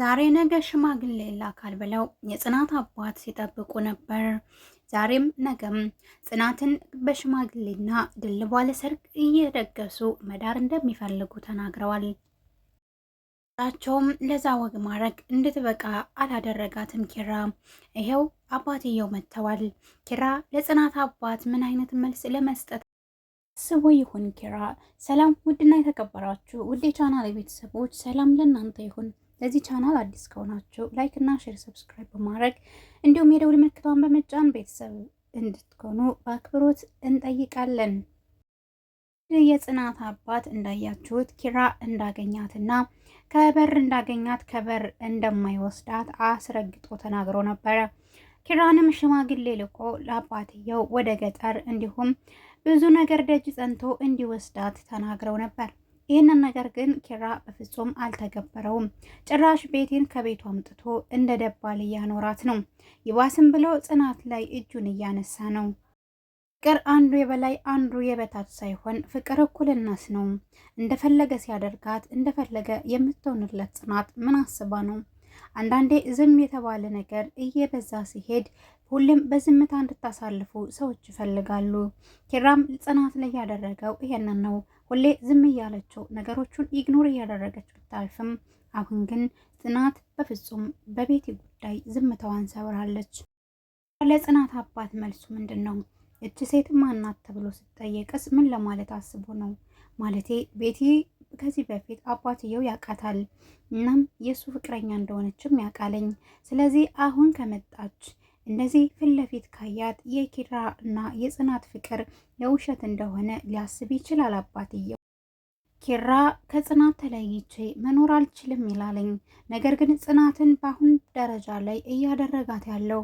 ዛሬ ነገ ሽማግሌ ላካል ብለው የጽናት አባት ሲጠብቁ ነበር። ዛሬም ነገም ጽናትን በሽማግሌና ድል ባለ ሰርግ እየደገሱ መዳር እንደሚፈልጉ ተናግረዋል። ቸውም ለዛ ወግ ማድረግ እንድትበቃ አላደረጋትም። ኪራ ይሄው አባትየው መጥተዋል። ኪራ ለጽናት አባት ምን አይነት መልስ ለመስጠት አስቦ ይሁን? ኪራ ሰላም፣ ውድና የተከበራችሁ ውድ የቻናል ቤተሰቦች ሰላም ለእናንተ ይሁን። ለዚህ ቻናል አዲስ ከሆናችሁ ላይክ እና ሼር፣ ሰብስክራይብ በማድረግ እንዲሁም የደውል ምልክቷን በመጫን ቤተሰብ እንድትሆኑ በአክብሮት እንጠይቃለን። የጽናት አባት እንዳያችሁት ኪራ እንዳገኛትና ከበር እንዳገኛት ከበር እንደማይወስዳት አስረግጦ ተናግሮ ነበረ። ኪራንም ሽማግሌ ልኮ ለአባትየው ወደ ገጠር እንዲሁም ብዙ ነገር ደጅ ጸንቶ እንዲወስዳት ተናግረው ነበር። ይህንን ነገር ግን ኪራ በፍጹም አልተገበረውም። ጭራሽ ቤቲን ከቤቱ አምጥቶ እንደ ደባል እያኖራት ነው። ይባስም ብሎ ጽናት ላይ እጁን እያነሳ ነው። ፍቅር አንዱ የበላይ አንዱ የበታች ሳይሆን ፍቅር እኩልነት ነው። እንደፈለገ ሲያደርጋት እንደፈለገ የምትሆንለት ጽናት ምን አስባ ነው? አንዳንዴ ዝም የተባለ ነገር እየበዛ ሲሄድ ሁሌም በዝምታ እንድታሳልፉ ሰዎች ይፈልጋሉ። ኪራም ጽናት ላይ ያደረገው ይሄንን ነው። ሁሌ ዝም እያለችው ነገሮቹን ኢግኖር እያደረገች ብታልፍም አሁን ግን ጽናት በፍጹም በቤቲ ጉዳይ ዝምታዋን ሰብራለች። ለጽናት አባት መልሱ ምንድን ነው? እች ሴት ማናት ተብሎ ስጠየቅስ ምን ለማለት አስቦ ነው? ማለቴ ቤቲ ከዚህ በፊት አባትየው ያውቃታል። እናም የእሱ ፍቅረኛ እንደሆነችም ያውቃለኝ። ስለዚህ አሁን ከመጣች እንደዚህ ፊት ለፊት ካያት የኪራ እና የጽናት ፍቅር የውሸት እንደሆነ ሊያስብ ይችላል አባትየው። ኪራ ከጽናት ተለይቼ መኖር አልችልም ይላለኝ። ነገር ግን ጽናትን በአሁን ደረጃ ላይ እያደረጋት ያለው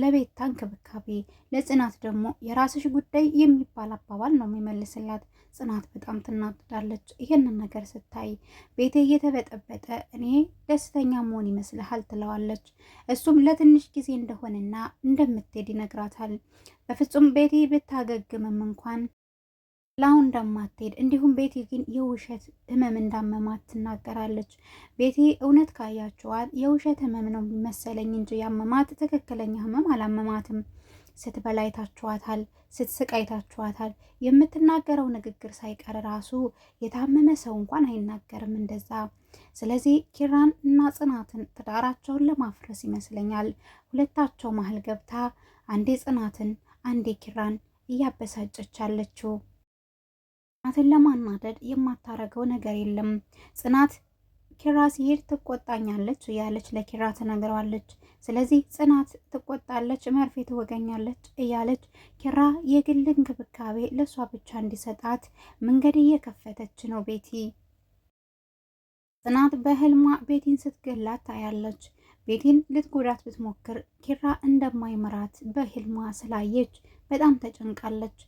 ለቤታ እንክብካቤ፣ ለጽናት ደግሞ የራስሽ ጉዳይ የሚባል አባባል ነው የሚመልስላት። ጽናት በጣም ትናደዳለች ይህንን ነገር ስታይ። ቤቴ እየተበጠበጠ እኔ ደስተኛ መሆን ይመስልሃል ትለዋለች። እሱም ለትንሽ ጊዜ እንደሆነና እንደምትሄድ ይነግራታል። በፍጹም ቤቴ ብታገግምም እንኳን ለአሁን እንዳማትሄድ እንዲሁም ቤቲ ግን የውሸት ህመም እንዳመማት ትናገራለች። ቤቲ እውነት ካያችኋት የውሸት ህመም ነው መሰለኝ እንጂ ያመማት ትክክለኛ ህመም አላመማትም። ስትበላይታችኋታል፣ ስትስቃይታችኋታል። የምትናገረው ንግግር ሳይቀር ራሱ የታመመ ሰው እንኳን አይናገርም እንደዛ። ስለዚህ ኪራን እና ጽናትን ትዳራቸውን ለማፍረስ ይመስለኛል ሁለታቸው መሀል ገብታ አንዴ ጽናትን አንዴ ኪራን እያበሳጨች ጽናትን ለማናደድ የማታረገው ነገር የለም። ጽናት ኪራ ሲሄድ ትቆጣኛለች እያለች ለኪራ ትነግረዋለች። ስለዚህ ጽናት ትቆጣለች፣ መርፌ ትወገኛለች እያለች ኪራ የግል እንክብካቤ ለእሷ ብቻ እንዲሰጣት መንገድ እየከፈተች ነው ቤቲ። ጽናት በህልሟ ቤቲን ስትገላት ታያለች። ቤቲን ልትጎዳት ብትሞክር ኪራ እንደማይመራት በህልሟ ስላየች በጣም ተጨንቃለች።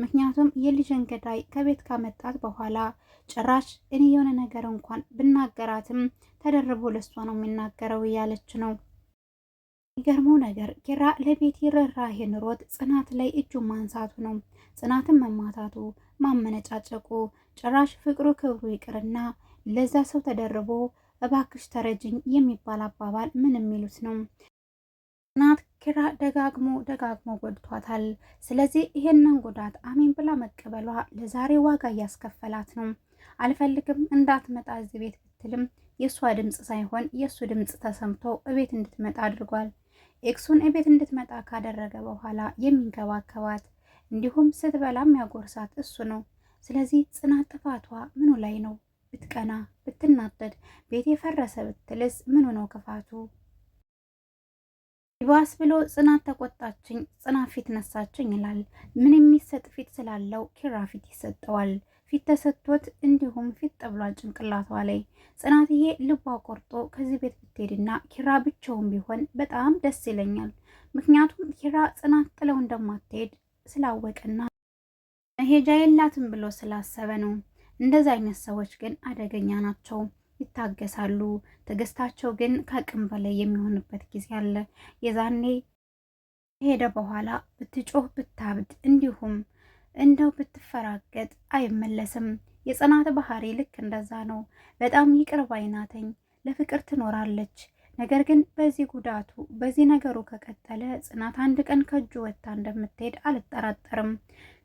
ምክንያቱም የልጅን ገዳይ ከቤት ካመጣት በኋላ ጭራሽ እኔ የሆነ ነገር እንኳን ብናገራትም ተደርቦ ለሷ ነው የሚናገረው እያለች ነው። የሚገርመው ነገር ኪራ ለቤት ይረራ ኑሮት ጽናት ላይ እጁ ማንሳቱ ነው። ጽናትን መማታቱ፣ ማመነጫጨቁ ጭራሽ ፍቅሩ ክብሩ ይቅርና ለዛ ሰው ተደርቦ እባክሽ ተረጅኝ የሚባል አባባል ምን የሚሉት ነው? ጽናት ኪራ ደጋግሞ ደጋግሞ ጎድቷታል። ስለዚህ ይህንን ጉዳት አሜን ብላ መቀበሏ ለዛሬ ዋጋ እያስከፈላት ነው። አልፈልግም እንዳትመጣ እዚህ ቤት ብትልም የእሷ ድምፅ ሳይሆን የእሱ ድምፅ ተሰምቶ እቤት እንድትመጣ አድርጓል። ኤክሱን እቤት እንድትመጣ ካደረገ በኋላ የሚንከባከባት እንዲሁም ስትበላም ያጎርሳት እሱ ነው። ስለዚህ ጽናት ጥፋቷ ምኑ ላይ ነው? ብትቀና፣ ብትናደድ፣ ቤት የፈረሰ ብትልስ ምኑ ነው ክፋቱ? ይባስ ብሎ ጽናት ተቆጣችኝ፣ ጽናት ፊት ነሳችኝ ይላል። ምን የሚሰጥ ፊት ስላለው ኪራ ፊት ይሰጠዋል። ፊት ተሰጥቶት እንዲሁም ፊት ጠብሏል ጭንቅላቷ ላይ። ጽናትዬ ልቧ ቆርጦ ከዚህ ቤት ብትሄድና ኪራ ብቻውን ቢሆን በጣም ደስ ይለኛል። ምክንያቱም ኪራ ጽናት ጥለው እንደማትሄድ ስላወቀና መሄጃ የላትም ብሎ ስላሰበ ነው። እንደዚህ አይነት ሰዎች ግን አደገኛ ናቸው። ይታገሳሉ። ትዕግስታቸው ግን ከአቅም በላይ የሚሆንበት ጊዜ አለ። የዛኔ ከሄደ በኋላ ብትጮህ ብታብድ፣ እንዲሁም እንደው ብትፈራገጥ አይመለስም። የጽናት ባህሪ ልክ እንደዛ ነው። በጣም ይቅር ባይናተኝ ለፍቅር ትኖራለች። ነገር ግን በዚህ ጉዳቱ በዚህ ነገሩ ከቀጠለ ጽናት አንድ ቀን ከእጁ ወጥታ እንደምትሄድ አልጠራጠርም።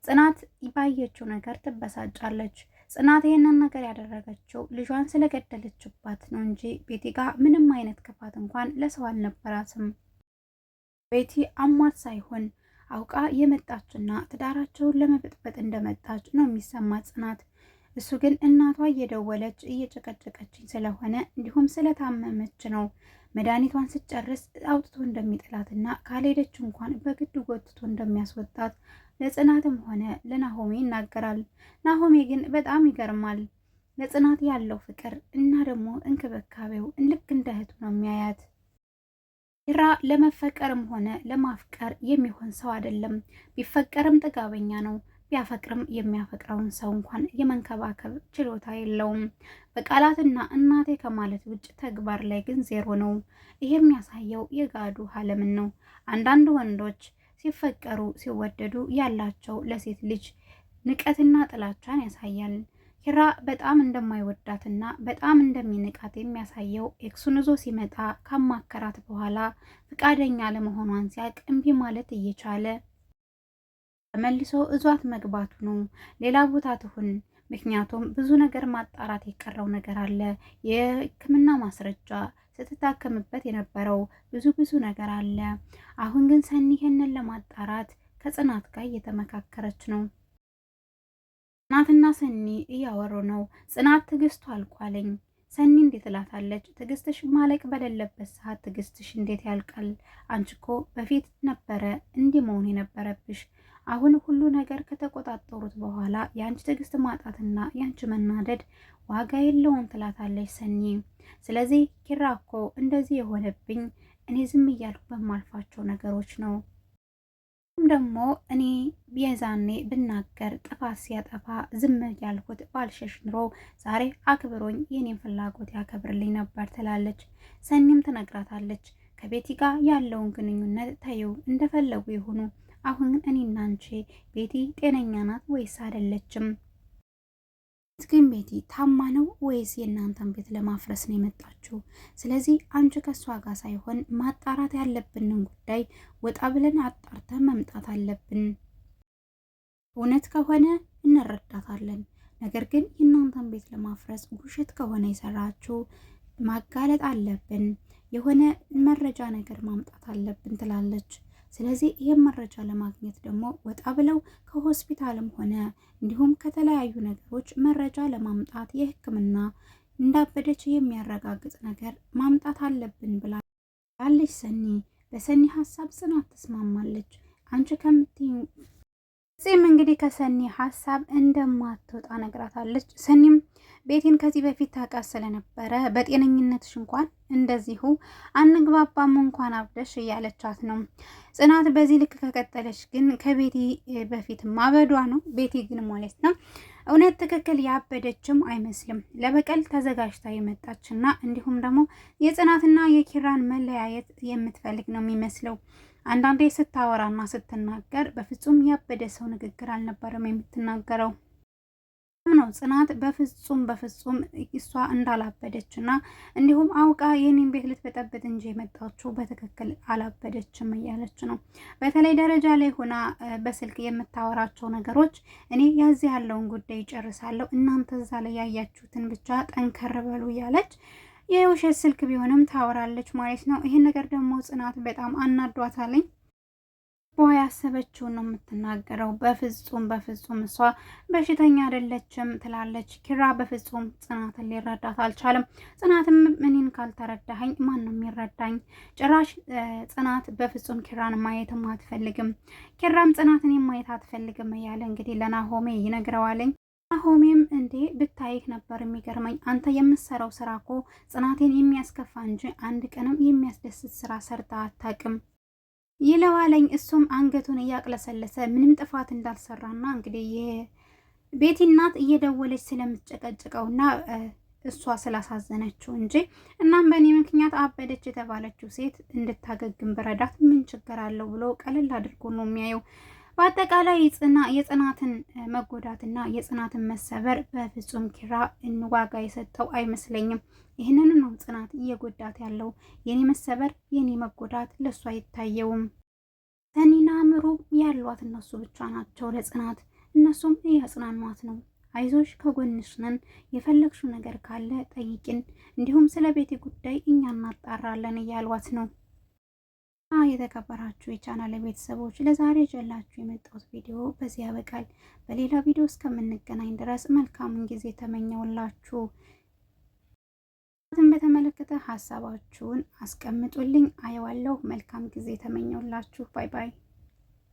ጽናት ባየችው ነገር ትበሳጫለች። ጽናት ይህንን ነገር ያደረገችው ልጇን ስለገደለችባት ነው እንጂ ቤቲ ጋር ምንም አይነት ክፋት እንኳን ለሰው አልነበራትም። ቤቲ አሟት ሳይሆን አውቃ የመጣችና ትዳራቸውን ለመበጥበጥ እንደመጣች ነው የሚሰማት ጽናት። እሱ ግን እናቷ እየደወለች እየጨቀጨቀችኝ ስለሆነ እንዲሁም ስለታመመች ነው መድኃኒቷን ስጨርስ አውጥቶ እንደሚጥላትና ካልሄደች እንኳን በግድ ጎትቶ እንደሚያስወጣት ለጽናትም ሆነ ለናሆሜ ይናገራል። ናሆሜ ግን በጣም ይገርማል። ለጽናት ያለው ፍቅር እና ደግሞ እንክብካቤው ልክ እንደ እህቱ ነው የሚያያት። ኪራ ለመፈቀርም ሆነ ለማፍቀር የሚሆን ሰው አይደለም። ቢፈቀርም ጥጋበኛ ነው። ቢያፈቅርም የሚያፈቅረውን ሰው እንኳን የመንከባከብ ችሎታ የለውም። በቃላትና እናቴ ከማለት ውጭ ተግባር ላይ ግን ዜሮ ነው። ይሄ የሚያሳየው የጋዱ አለምን ነው። አንዳንድ ወንዶች ሲፈቀሩ ሲወደዱ ያላቸው ለሴት ልጅ ንቀትና ጥላቻን ያሳያል። ኪራ በጣም እንደማይወዳትና በጣም እንደሚንቃት የሚያሳየው ኤክሱን ይዞ ሲመጣ ካማከራት በኋላ ፈቃደኛ ለመሆኗን ሲያቅ እምቢ ማለት እየቻለ ተመልሶ እዟት መግባቱ ነው። ሌላ ቦታ ትሁን፣ ምክንያቱም ብዙ ነገር ማጣራት የቀረው ነገር አለ። የሕክምና ማስረጃ ስትታከምበት የነበረው ብዙ ብዙ ነገር አለ። አሁን ግን ሰኒ ይህንን ለማጣራት ከጽናት ጋር እየተመካከረች ነው። ጽናትና ሰኒ እያወሩ ነው። ጽናት ትዕግስቱ አልቋለኝ። ሰኒ እንዴት እላታለች? ትዕግስትሽ ማለቅ በሌለበት ሰዓት ትዕግስትሽ እንዴት ያልቃል? አንቺ እኮ በፊት ነበረ እንዲህ መሆን የነበረብሽ አሁን ሁሉ ነገር ከተቆጣጠሩት በኋላ የአንቺ ትዕግስት ማጣትና የአንቺ መናደድ ዋጋ የለውም ትላታለች ሰኒ። ስለዚህ ኪራ እኮ እንደዚህ የሆነብኝ እኔ ዝም እያልኩ በማልፋቸው ነገሮች ነው። ደግሞ እኔ የዛኔ ብናገር ጥፋት ሲያጠፋ ዝም ያልኩት ባልሸሽ ኑሮ ዛሬ አክብሮኝ የኔን ፍላጎት ያከብርልኝ ነበር ትላለች። ሰኒም ትነግራታለች ከቤቲ ጋር ያለውን ግንኙነት ተይው እንደፈለጉ የሆኑ አሁን ግን እኔ አንቺ ቤቲ ጤነኛ ናት ወይስ አይደለችም? ግን ቤቲ ታማ ነው ወይስ የእናንተን ቤት ለማፍረስ ነው የመጣችው? ስለዚህ አንቺ ከእሷ ጋር ሳይሆን ማጣራት ያለብንን ጉዳይ ወጣ ብለን አጣርተን መምጣት አለብን። እውነት ከሆነ እንረዳታለን። ነገር ግን የእናንተን ቤት ለማፍረስ ውሸት ከሆነ የሰራችው ማጋለጥ አለብን። የሆነ መረጃ ነገር ማምጣት አለብን ትላለች። ስለዚህ ይህም መረጃ ለማግኘት ደግሞ ወጣ ብለው ከሆስፒታልም ሆነ እንዲሁም ከተለያዩ ነገሮች መረጃ ለማምጣት የሕክምና እንዳበደች የሚያረጋግጥ ነገር ማምጣት አለብን ብላለች። ሰኒ በሰኒ ሀሳብ ጽናት ተስማማለች። አንቺ ከምትይኝ ፂም እንግዲህ ከሰኒ ሀሳብ እንደማትወጣ ነግራታለች። ሰኒም ቤቴን ከዚህ በፊት ታውቃት ስለነበረ በጤነኝነትሽ እንኳን እንደዚሁ አንግባባም እንኳን አብደሽ እያለቻት ነው። ጽናት በዚህ ልክ ከቀጠለች ግን ከቤቲ በፊት ማበዷ ነው። ቤቲ ግን ማለት ነው እውነት ትክክል ያበደችም አይመስልም። ለበቀል ተዘጋጅታ የመጣች እና እንዲሁም ደግሞ የጽናትና የኪራን መለያየት የምትፈልግ ነው የሚመስለው። አንዳንዴ ስታወራና ስትናገር በፍጹም ያበደ ሰው ንግግር አልነበረም የምትናገረው። ነው ጽናት በፍጹም በፍጹም እሷ እንዳላበደች እና እንዲሁም አውቃ የኔን ቤት ልትበጠብጥ እንጂ የመጣችው በትክክል አላበደችም እያለች ነው። በተለይ ደረጃ ላይ ሆና በስልክ የምታወራቸው ነገሮች እኔ ያዚህ ያለውን ጉዳይ ይጨርሳለሁ፣ እናንተ እዛ ላይ ያያችሁትን ብቻ ጠንከር በሉ እያለች የውሸት ስልክ ቢሆንም ታወራለች ማለት ነው። ይህን ነገር ደግሞ ጽናት በጣም አናዷታለኝ። ቦ ያሰበችውን ነው የምትናገረው። በፍጹም በፍጹም እሷ በሽተኛ አይደለችም ትላለች። ኪራ በፍጹም ጽናትን ሊረዳት አልቻለም። ጽናትም እኔን ካልተረዳኸኝ ማን ነው የሚረዳኝ? ጭራሽ ጽናት በፍጹም ኪራን ማየትም አትፈልግም፣ ኪራም ጽናትን ማየት አትፈልግም እያለ እንግዲህ ለናሆሜ ይነግረዋለኝ። ናሆሜም እንዴ ብታይህ ነበር የሚገርመኝ አንተ የምትሰራው ስራ እኮ ጽናቴን የሚያስከፋ እንጂ አንድ ቀንም የሚያስደስት ስራ ሰርታ አታውቅም ይለዋለኝ። እሱም አንገቱን እያቅለሰለሰ ምንም ጥፋት እንዳልሰራና እንግዲህ ቤቲ እናት እየደወለች ስለምትጨቀጭቀውና እሷ ስላሳዘነችው እንጂ እናም በእኔ ምክንያት አበደች የተባለችው ሴት እንድታገግም ብረዳት ምን ችግር አለው ብሎ ቀለል አድርጎ ነው የሚያየው። በአጠቃላይ የጽናትን መጎዳትና የጽናትን መሰበር በፍጹም ኪራ ዋጋ የሰጠው አይመስለኝም። ይህንን ነው ጽናት እየጎዳት ያለው። የኔ መሰበር፣ የኔ መጎዳት ለሱ አይታየውም። ሰኒና ምሩ ያሏት እነሱ ብቻ ናቸው ለጽናት። እነሱም እያጽናኗት ነው። አይዞሽ፣ ከጎንሽ ነን፣ የፈለግሽው ነገር ካለ ጠይቂን፣ እንዲሁም ስለ ቤቴ ጉዳይ እኛ እናጣራለን እያሏት ነው። የተከበራችሁ የቻናል ቤተሰቦች ለዛሬ ጀላችሁ የመጣሁት ቪዲዮ በዚህ ያበቃል። በሌላ ቪዲዮ እስከምንገናኝ ድረስ መልካሙን ጊዜ ተመኘውላችሁ። በተመለከተ ሀሳባችሁን አስቀምጡልኝ፣ አየዋለሁ። መልካም ጊዜ ተመኘውላችሁ። ባይ ባይ።